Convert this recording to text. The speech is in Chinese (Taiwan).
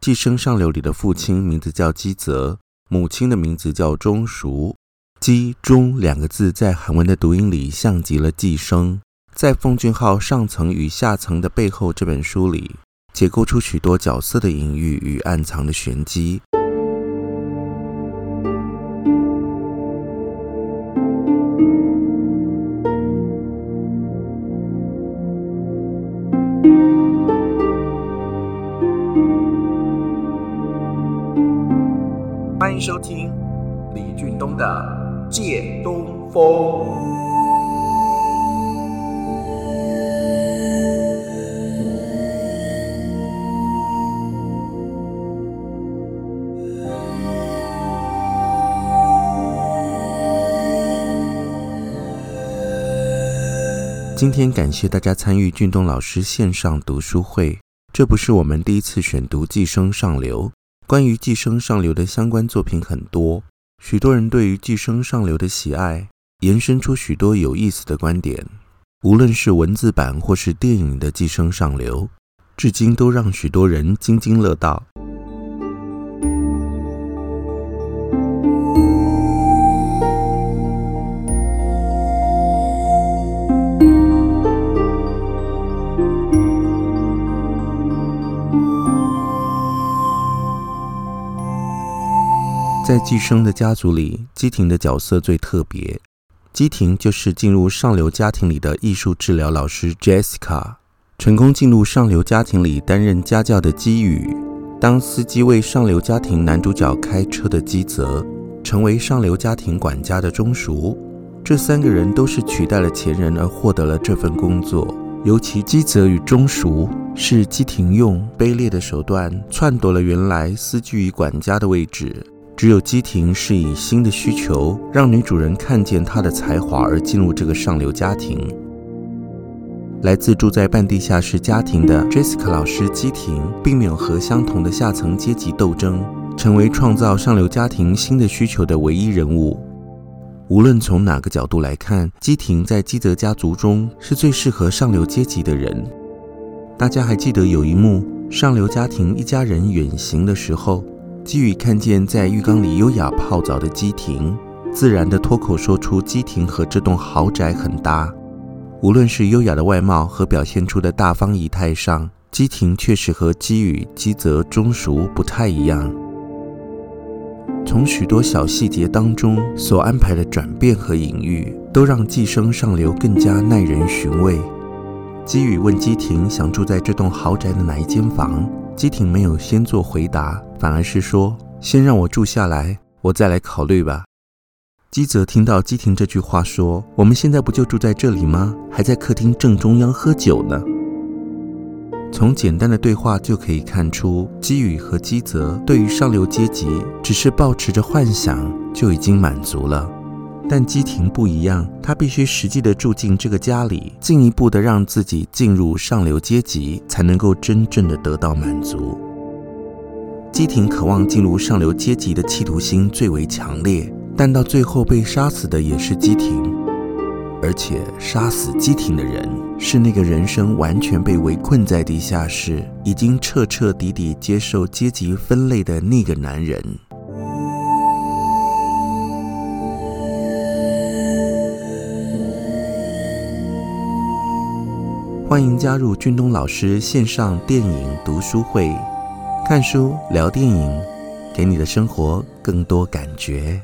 寄生上流裡的父親名字叫基澤，母親的名字叫鍾淑。基、鍾兩個字在韓文的讀音裡像極了寄生。在奉俊昊《上層與下層》的背後這本書裡，解構出許多角色的隱喻與暗藏的玄機。歡迎收聽李俊東的《借東風》。今天感謝大家參與俊東老師線上讀書會。這不是我們第一次選讀《寄生上流》。關於《寄生上流》的相關作品很多，許多人對於《寄生上流》的喜愛延伸出許多有意思的觀點。無論是文字版或是電影的《寄生上流》，至今都讓許多人津津樂道。在寄生的家族裡，基婷的角色最特別。基婷就是進入上流家庭裡的藝術治療老師 Jessica，成功進入上流家庭裡擔任家教的基宇，當司機為上流家庭男主角開車的基澤，成為上流家庭管家的忠淑。這三個人都是取代了前人而獲得了這份工作。尤其基澤與忠淑是基婷用卑劣的手段篡奪了原來司機與管家的位置。只有基廷是以新的需求讓女主人看見她的才華而進入這個上流家庭。來自住在半地下室家庭的 Jessica 老師基廷，並沒有和相同的下層階級鬥爭，成為創造上流家庭新的需求的唯一人物。無論從哪個角度來看，基廷在基澤家族中是最適合上流階級的人。大家還記得有一幕，上流家庭一家人遠行的時候。基宇看見在浴缸裡優雅泡澡的基婷，自然的脫口說出：“基婷和這棟豪宅很搭。無論是優雅的外貌和表現出的大方儀態上，基婷確實和基宇、基澤、忠淑不太一樣。從許多小細節當中所安排的轉變和隱喻，都讓寄生上流更加耐人尋味。”基宇問基婷：“想住在這棟豪宅的哪一間房？”基婷沒有先做回答，反而是說：“先讓我住下來，我再來考慮吧。”基澤聽到基婷這句話說：“我們現在不就住在這裡嗎？還在客廳正中央喝酒呢。”從簡單的對話就可以看出，基宇和基澤對於上流階級只是抱持着幻想就已經滿足了。但基婷不一樣，她必須實際的住進這個家裡，進一步的讓自己進入上流階級，才能夠真正的得到滿足。基婷渴望進入上流階級的企圖心最為強烈，但到最後被殺死的也是基婷，而且殺死基婷的人是那個人生完全被圍困在地下室，已經徹徹底底接受階級分類的那個男人。歡迎加入俊東老師線上電影讀書會，看書、聊電影，給你的生活更多感覺。